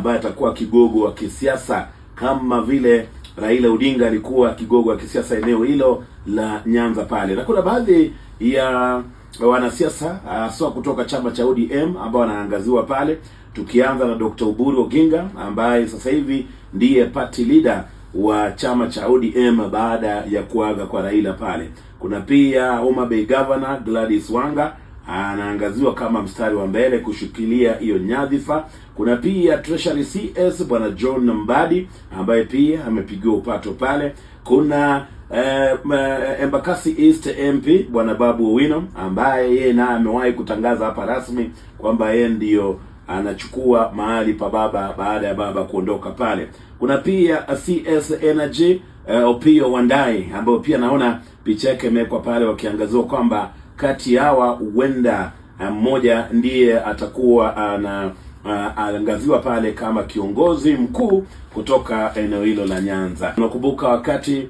ambaye atakuwa kigogo wa kisiasa kama vile Raila Odinga alikuwa kigogo wa kisiasa eneo hilo la Nyanza pale, na kuna baadhi ya wanasiasa hasa kutoka chama cha ODM ambao wanaangaziwa pale, tukianza na Dr. Oburu Oginga ambaye sasa hivi ndiye party leader wa chama cha ODM baada ya kuaga kwa Raila pale. Kuna pia Homa Bay Governor Gladys Wanga anaangaziwa kama mstari wa mbele kushikilia hiyo nyadhifa. Kuna pia Treasury CS bwana John Mbadi ambaye pia amepigiwa upato pale. Kuna eh, eh Embakasi East MP bwana Babu Owino ambaye yeye naye amewahi kutangaza hapa rasmi kwamba yeye ndiyo anachukua mahali pa baba baada ya baba kuondoka pale. Kuna pia CS Energy eh, Opio Wandai ambayo pia naona picha yake imewekwa pale wakiangaziwa kwamba kati hawa huenda eh, mmoja ndiye atakuwa ana aangaziwa eh, pale kama kiongozi mkuu kutoka eneo hilo la Nyanza. Unakumbuka wakati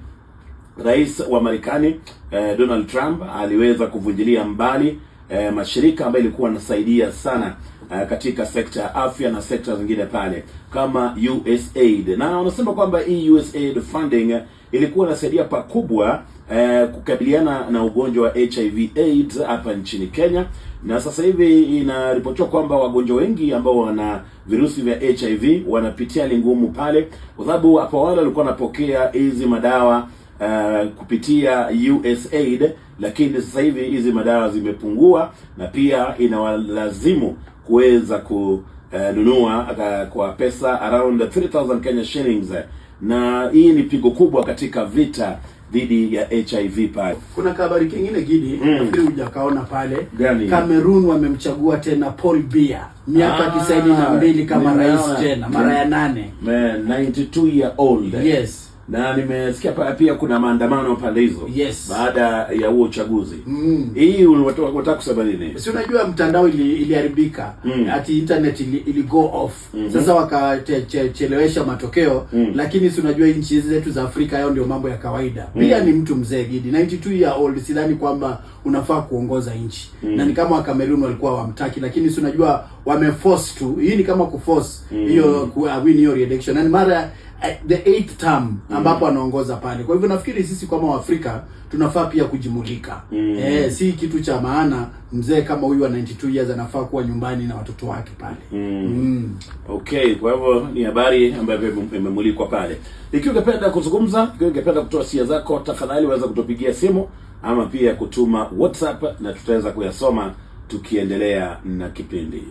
rais wa Marekani eh, Donald Trump aliweza kuvunjilia mbali eh, mashirika ambayo ilikuwa anasaidia sana uh, katika sekta ya afya na sekta zingine pale kama USAID, na wanasema kwamba hii USAID funding ilikuwa inasaidia pakubwa uh, kukabiliana na ugonjwa wa HIV AIDS hapa nchini Kenya, na sasa hivi inaripotiwa kwamba wagonjwa wengi ambao wana virusi vya HIV wanapitia hali ngumu pale, kwa sababu hapo wale walikuwa wanapokea hizi madawa uh, kupitia USAID, lakini sasa hivi hizi madawa zimepungua na pia inawalazimu kuweza kununua uh, uh, kwa pesa around 3000 Kenya shillings, na hii ni pigo kubwa katika vita dhidi ya HIV pale. Kuna habari kingine gidi, mm. hujakaona pale. Gani? Cameroon wamemchagua tena Paul Biya miaka ah, na mbili kama rais tena mara ya nane. Man, 92 year old. Yes na nimesikia pale pia kuna maandamano pale hizo yes. Baada ya huo uchaguzi hii mm. Hii unataka kusema nini? Si unajua mtandao iliharibika ili mm. ati internet ili, ili go off mm -hmm. Sasa wakachelewesha matokeo mm. Lakini si unajua nchi zetu za Afrika hayo ndio mambo ya kawaida mm. Pia ni mtu mzee Gidi 92 year old, sidhani kwamba unafaa kuongoza nchi mm. Na ni kama Wakamerun walikuwa wamtaki, lakini si unajua wameforce tu. Hii ni kama kuforce mm. hiyo mm. kuwin hiyo re-election na mara Eh, the eighth term ambapo mm. anaongoza pale. Kwa hivyo nafikiri sisi kama Waafrika tunafaa pia kujimulika mm. E, si kitu cha maana mzee kama huyu wa 92 years anafaa kuwa nyumbani na watoto wake pale mm. Mm. Okay, kwa hivyo ni habari ambayo imemulikwa pale. Ikiwa ungependa kuzungumza, ikiwa ungependa kutoa sia zako, tafadhali waweza kutupigia simu ama pia kutuma WhatsApp na tutaweza kuyasoma tukiendelea na kipindi.